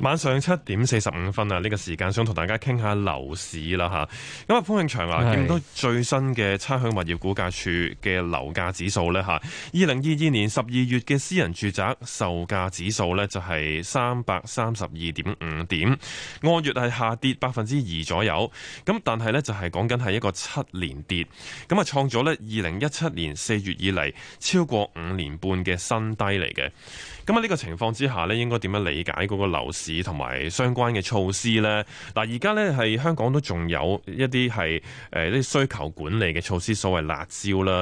晚上七點四十五分啊！呢個時間想同大家傾下樓市啦吓。咁啊，潘永祥啊，見到最新嘅差餉物業估價署嘅樓價指數咧，吓，二零二二年十二月嘅私人住宅售價指數咧就係三百三十二點五點，按月係下跌百分之二左右。咁但係咧就係講緊係一個七連跌，咁啊創咗咧二零一七年四月以嚟超過五年半嘅新低嚟嘅。咁啊呢個情況之下咧，應該點樣理解嗰個樓市？同埋相關嘅措施呢，嗱而家呢係香港都仲有一啲係誒啲需求管理嘅措施，所謂辣招啦，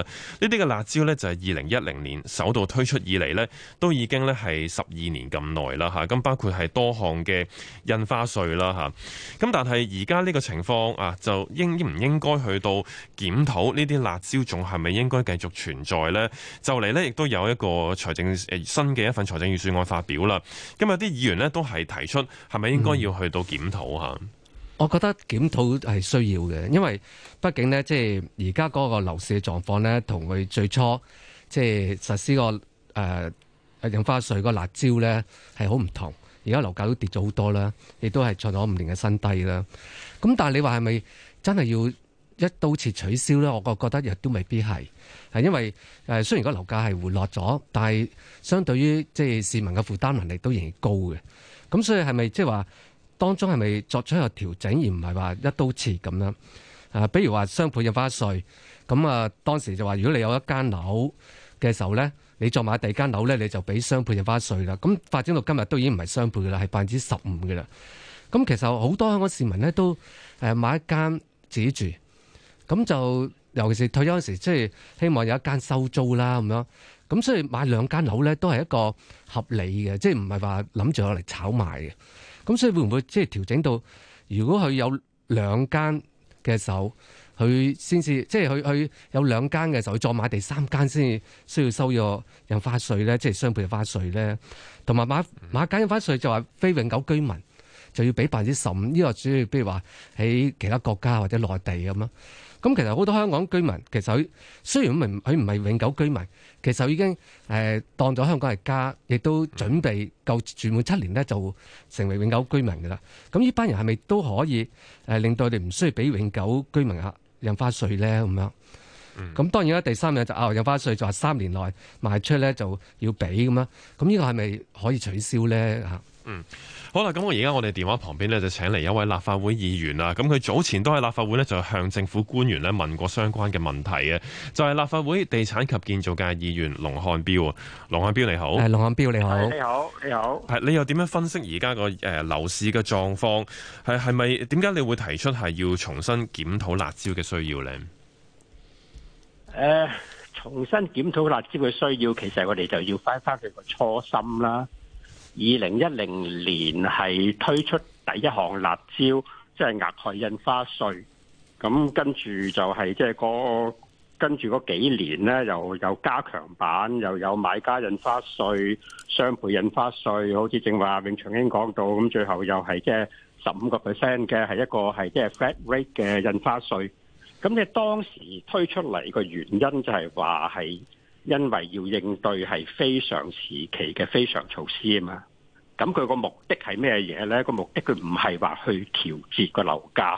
呢啲嘅辣招呢，就係二零一零年首度推出以嚟呢，都已經呢係十二年咁耐啦吓，咁包括係多項嘅印花稅啦吓，咁但係而家呢個情況啊，就應唔應該去到檢討呢啲辣招仲係咪應該繼續存在呢？就嚟呢，亦都有一個財政誒新嘅一份財政預算案發表啦。咁有啲議員呢，都係。提出係咪應該要去到檢討吓？我覺得檢討係需要嘅，因為畢竟呢，即係而家嗰個樓市嘅狀況呢，同佢最初即係、就是、實施個誒、呃、印花稅個辣招呢，係好唔同。而家樓價都跌咗好多啦，亦都係創咗五年嘅新低啦。咁但係你話係咪真係要一刀切取消呢？我覺覺得亦都未必係，係因為誒雖然個樓價係回落咗，但係相對於即係市民嘅負擔能力都仍然高嘅。咁所以係咪即係話當中係咪作出一個調整，而唔係話一刀切咁樣？啊，比如話雙倍印花稅，咁啊當時就話如果你有一間樓嘅時候咧，你再買第二間樓咧，你就俾雙倍印花稅啦。咁發展到今日都已經唔係雙倍噶啦，係百分之十五噶啦。咁其實好多香港市民咧都誒買一間自己住，咁就尤其是退休嗰時，即係希望有一間收租啦咁樣。咁所以買兩間樓咧，都係一個合理嘅，即係唔係話諗住攞嚟炒賣嘅。咁所以會唔會即係調整到，如果佢有兩間嘅手，佢先至即係佢佢有兩間嘅時候，再買第三間先至需要收咗印花稅咧，即係雙倍印花稅咧。同埋買買家印花稅就話非永久居民就要俾百分之十五，呢個主要譬如話喺其他國家或者內地咁啊。咁其實好多香港居民，其實佢雖然唔係，佢唔係永久居民，其實已經誒當咗香港係家，亦都準備夠住滿七年咧，就成為永久居民噶啦。咁呢班人係咪都可以誒令到佢哋唔需要俾永久居民啊印花稅咧？咁樣咁當然啦，第三樣就啊、哦、印花稅，就係三年內賣出咧就要俾咁啦。咁呢個係咪可以取消咧？嚇？嗯，好啦，咁我而家我哋電話旁邊呢，就請嚟一位立法會議員啊，咁佢早前都喺立法會呢，就向政府官員咧問過相關嘅問題嘅，就係、是、立法會地產及建造界議員龍漢標，龍漢標你好，係龍漢標你好，你好，你好你好，係你又點樣分析而家個誒樓市嘅狀況？係係咪點解你會提出係要重新檢討辣招嘅需要呢？誒、呃，重新檢討辣招嘅需要，其實我哋就要翻翻佢個初心啦。二零一零年係推出第一項辣招，即係額外印花稅。咁跟住就係即係個跟住嗰幾年咧，又有加強版，又有買家印花稅、雙倍印花稅。好似正話阿永長兄講到，咁最後又係即係十五個 percent 嘅係一個係即係 flat rate 嘅印花稅。咁你當時推出嚟個原因就係話係。因為要應對係非常時期嘅非常措施啊嘛，咁佢個目的係咩嘢呢？個目的佢唔係話去調節個樓價，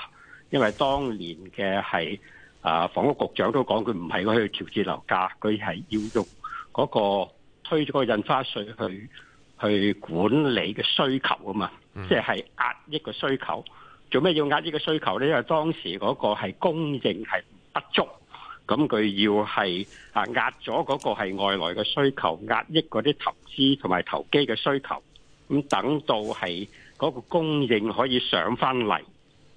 因為當年嘅係啊房屋局長都講，佢唔係去調節樓價，佢係要用嗰個推咗個印花稅去去管理嘅需求啊嘛，即係係壓抑個需求。做咩要壓抑個需求呢？因為當時嗰個係供應係不足，咁佢要係啊壓咗嗰個係外來嘅需求，壓抑嗰啲投資同埋投機嘅需求。咁等到係嗰個供應可以上返嚟，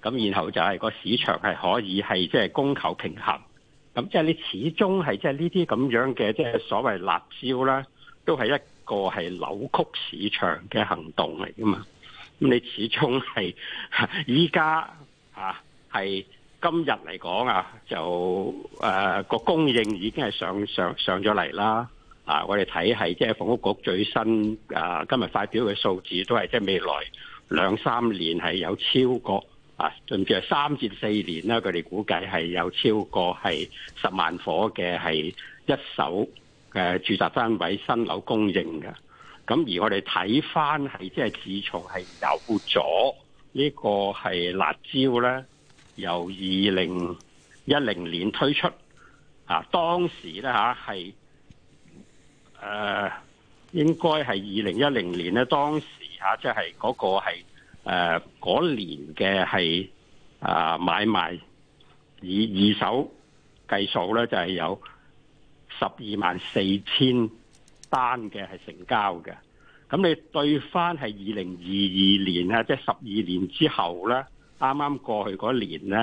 咁然後就係個市場係可以係即係供求平衡。咁即係你始終係即係呢啲咁樣嘅即係所謂辣招啦，都係一個係扭曲市場嘅行動嚟噶嘛。咁你始終係依家啊係今日嚟講啊，就誒個、呃、供應已經係上上上咗嚟啦。啊，我哋睇係即係房屋局最新誒、啊、今日發表嘅數字都，都係即係未來兩三年係有超過啊，甚至係三至四年啦。佢哋估計係有超過係十萬伙嘅係一手誒住宅單位新樓供應嘅。咁而我哋睇返係即係自從係有咗呢個係辣招咧。由二零一零年推出，啊，當時咧嚇係誒應該係二零一零年咧，當時嚇即係嗰個係嗰、啊、年嘅係啊買賣以二手計數咧，就係、是、有十二萬四千單嘅係成交嘅。咁你對翻係二零二二年啊，即係十二年之後咧。啱啱過去嗰年呢，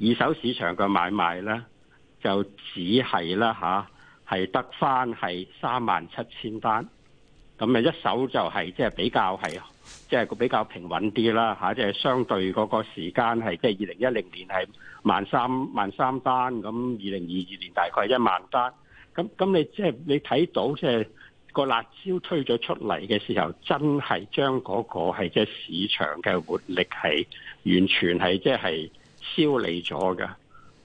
二手市場嘅買賣呢，就只係啦吓，係、啊、得返係三萬七千單。咁啊，一手就係即係比較係即係個比較平穩啲啦吓，即、啊、係、就是、相對嗰個時間係即係二零一零年係萬三萬三單，咁二零二二年大概係一萬單。咁咁你即係、就是、你睇到即係。就是個辣招推咗出嚟嘅時候，真係將嗰個係即係市場嘅活力係完全係即係消離咗㗎。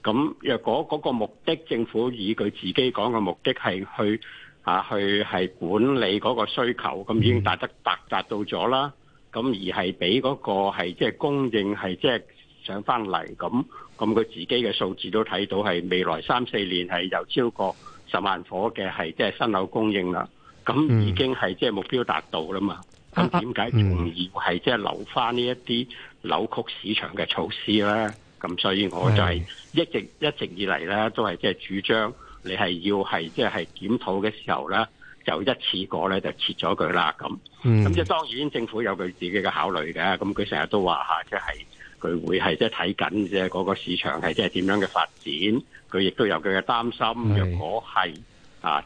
咁若果嗰個目的，政府以佢自己講嘅目的係去啊去係管理嗰個需求，咁已經達得達達到咗啦。咁而係俾嗰個係即係供應係即係上返嚟咁，咁佢自己嘅數字都睇到係未來三四年係有超過十萬伙嘅係即係新樓供應啦。咁已經係即係目標達到啦嘛，咁點解仲要係即係留翻呢一啲扭曲市場嘅措施咧？咁所以我就係一直一直以嚟咧都係即係主張，你係要係即係檢討嘅時候咧，就一次過咧就切咗佢啦。咁咁即係當然政府有佢自己嘅考慮嘅，咁佢成日都話，下即係佢會係即係睇緊啫嗰個市場係即係點樣嘅發展，佢亦都有佢嘅擔心。若果係。啊！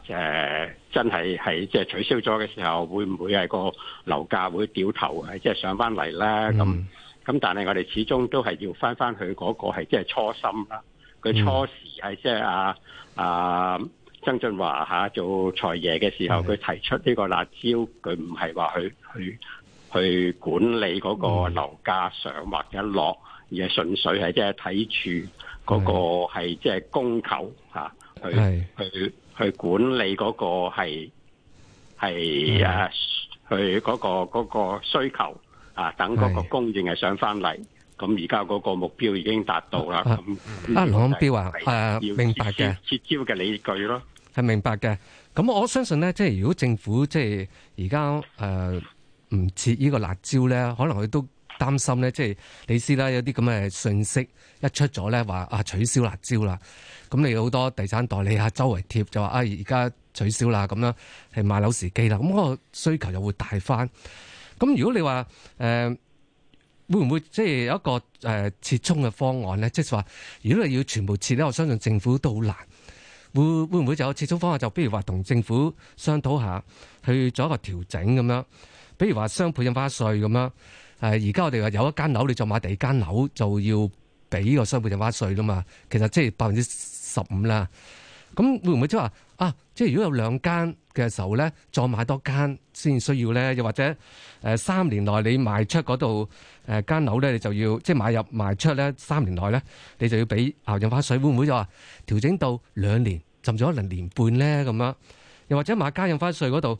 真係係即係取消咗嘅時候，會唔會係個樓價會掉頭，即係上返嚟咧？咁咁、嗯，但係我哋始終都係要返返去嗰個係即係初心啦。佢初時係即係啊、嗯、啊，曾俊華嚇、啊、做財爺嘅時候，佢提出呢個辣招，佢唔係話去去去管理嗰個樓價上或者落、嗯，而係純粹係即係睇住嗰個係即係供求嚇、啊，去的去。去管理嗰個係係誒去嗰個嗰個需求啊，等嗰個供應係上翻嚟。咁而家嗰個目標已經達到啦。啊，龍漢標啊，誒、啊，明白嘅，切招嘅理據咯，係明白嘅。咁我相信咧，即係如果政府即係而家誒唔切呢個辣招咧，可能佢都。擔心咧，即係你知啦，有啲咁嘅信息一出咗咧，話啊取消辣招啦，咁你好多地產代理啊，周圍貼就話啊而家取消啦，咁樣係買樓時機啦，咁、那、嗰個需求又會大返。咁如果你話誒、呃，會唔會即係有一個誒折衷嘅方案咧？即係話，如果你要全部撤咧，我相信政府都好難。會會唔會就有折衷方案？就譬如話同政府商討下去做一個調整咁樣，比如話雙倍印花稅咁樣。誒而家我哋話有一間樓，你再買第二間樓就要俾個雙倍印花稅啦嘛。其實即係百分之十五啦。咁會唔會即係話啊？即係如果有兩間嘅時候咧，再買多間先需要咧，又或者誒三年內你賣出嗰度誒間樓咧，你就要即係買入賣出咧，三年內咧，你就要俾啊印花稅，會唔會就話調整到兩年，甚至可能年半咧咁樣？又或者買家印花稅嗰度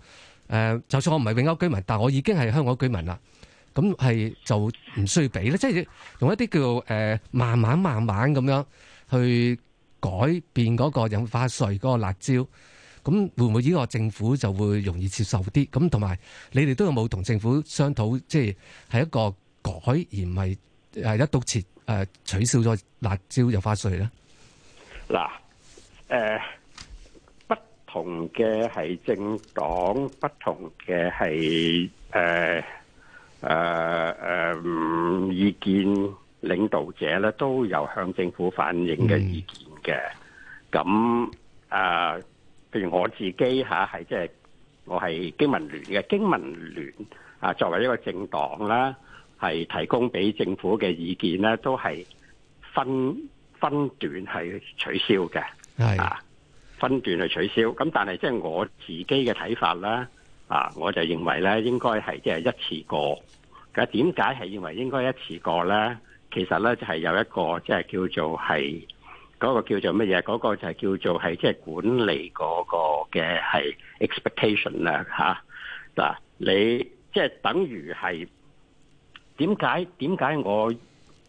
誒，就算我唔係永居居民，但我已經係香港居民啦。咁係就唔需要俾咧，即係用一啲叫做誒慢慢慢慢咁樣去改變嗰個印花稅嗰個辣招，咁會唔會呢個政府就會容易接受啲？咁同埋你哋都有冇同政府商討，即係係一個改而唔係誒一刀切誒取消咗辣招印花稅咧？嗱誒，不同嘅係政黨，不同嘅係誒。誒誒，意見領導者咧都有向政府反映嘅意見嘅。咁、嗯、誒，那 uh, 譬如我自己吓，係即係我係經民聯嘅，經民聯啊，作為一個政黨啦，係提供俾政府嘅意見咧，都係分分段係取消嘅，係、啊、分段去取消。咁但係即係我自己嘅睇法啦。啊！我就認為咧，應該係即係一次過。咁點解係認為應該一次過咧？其實咧就係有一個即係叫做係嗰個叫做乜嘢？嗰個就係叫做係即係管理嗰個嘅係 expectation 啦吓嗱，你即係等於係點解？點解我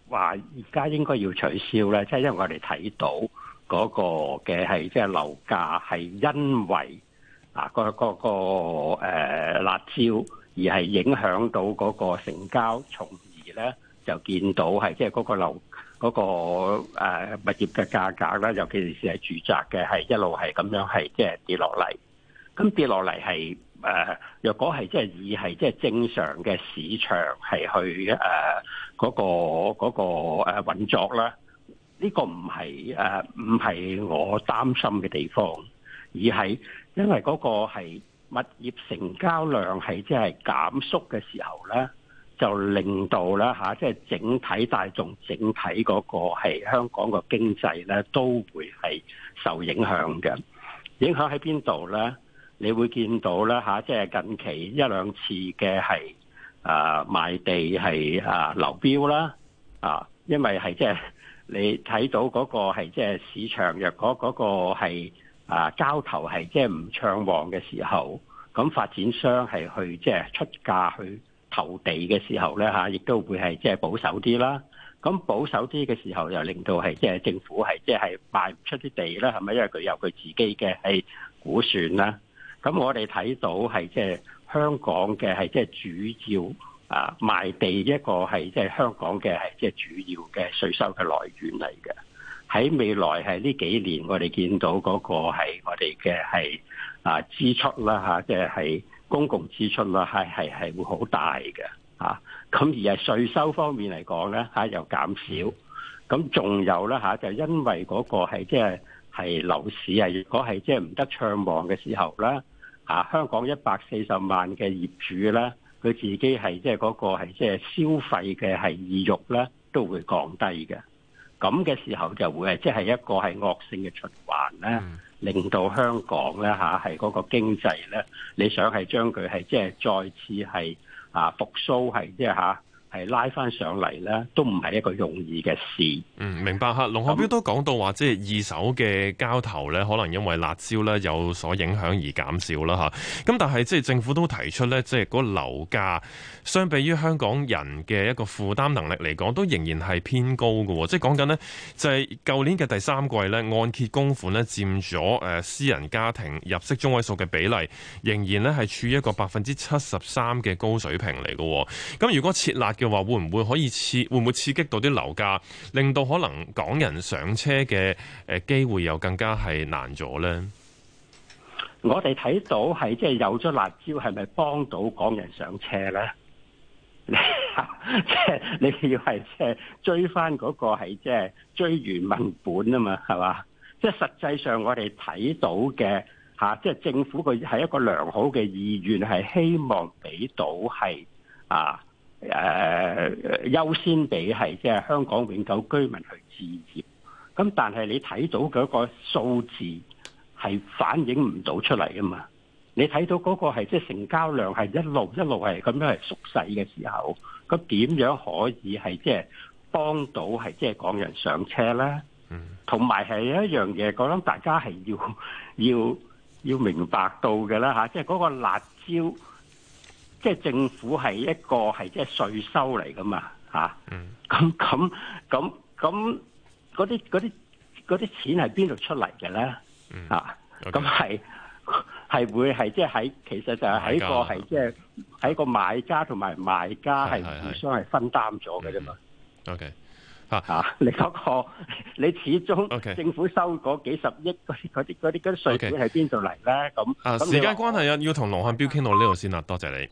話而家應該要取消咧？即係因為我哋睇到嗰個嘅係即係樓價係因為，啊、那個！那個個、呃、辣招，而係影響到嗰個成交，從而咧就見到係即係嗰個樓嗰、那個、呃、物業嘅價格啦。尤其是係住宅嘅，係一路係咁樣係即係跌落嚟。咁跌落嚟係誒，若果係即係以係即係正常嘅市場係去誒嗰、呃那個嗰、那個、啊、運作啦，呢、這個唔係誒唔係我擔心嘅地方，而係。因為嗰個係物業成交量係即係減縮嘅時候咧，就令到咧吓，即、啊、係、就是、整體大眾整體嗰個係香港個經濟咧，都會係受影響嘅。影響喺邊度咧？你會見到呢，吓、啊、即、就、係、是、近期一兩次嘅係啊賣地係啊流標啦啊，因為係即係你睇到嗰個係即係市場若果嗰個係。啊，交投係即係唔暢旺嘅時候，咁發展商係去即係、即係、出價去投地嘅時候咧嚇，亦、啊、都會係即係保守啲啦。咁保守啲嘅時候，又令到係即係政府係即係賣唔出啲地啦，係咪？因為佢有佢自己嘅係估算啦。咁我哋睇到係即係香港嘅係即係主要啊賣地一個係即係香港嘅係即係主要嘅稅收嘅來源嚟嘅。喺未來係呢幾年，我哋見到嗰個係我哋嘅係啊支出啦嚇，即係公共支出啦，係係係會好大嘅嚇。咁而係稅收方面嚟講咧嚇，又減少。咁仲有咧嚇，就因為嗰個係即係係樓市啊，如果係即係唔得暢旺嘅時候啦，啊香港一百四十萬嘅業主咧，佢自己係即係嗰個係即係消費嘅係意欲咧，都會降低嘅。咁嘅時候就會係即係一個係惡性嘅循環咧，令到香港咧吓係嗰個經濟咧，你想係將佢係即係再次係啊復甦係即係嚇。係拉翻上嚟呢都唔係一個容易嘅事。嗯，明白吓。龍漢標都講到話，即係二手嘅交投呢，可能因為辣招呢有所影響而減少啦吓。咁但係即係政府都提出呢，即係嗰樓價，相比於香港人嘅一個負擔能力嚟講，都仍然係偏高喎。即係講緊呢，就係、是、舊年嘅第三季呢，按揭供款呢佔咗誒私人家庭入息中位數嘅比例，仍然呢係處於一個百分之七十三嘅高水平嚟喎。咁如果設立嘅話會唔會可以刺會唔會刺激到啲樓價，令到可能港人上車嘅誒機會又更加係難咗咧？我哋睇到係即係有咗辣招，係咪幫到港人上車咧？ 你即係你要係即係追翻嗰個係即係追完文本啊嘛，係嘛？即係實際上我哋睇到嘅嚇、啊，即係政府佢係一個良好嘅意願，係希望俾到係啊。誒、呃、優先俾係即係香港永久居民去置業，咁但係你睇到嗰個數字係反映唔到出嚟噶嘛？你睇到嗰個係即係成交量係一路一路係咁樣係縮細嘅時候，咁點樣可以係即係幫到係即係港人上車咧？嗯，同埋係一樣嘢，我諗大家係要要要明白到嘅啦吓，即係嗰個辣招。即係政府係一個係即係稅收嚟㗎嘛，吓、嗯，咁咁咁咁嗰啲嗰啲嗰啲錢係邊度出嚟嘅咧？吓、嗯，咁係係會係即係喺其實就係喺個係即係喺個買家同埋賣家係互相係分擔咗嘅啫嘛。OK。啊！你嗰個，你始終政府收嗰幾十億嗰啲嗰啲嗰啲嗰啲稅款喺邊度嚟咧？咁時間關係啊，要同龍漢標傾到呢度先啦，多謝你。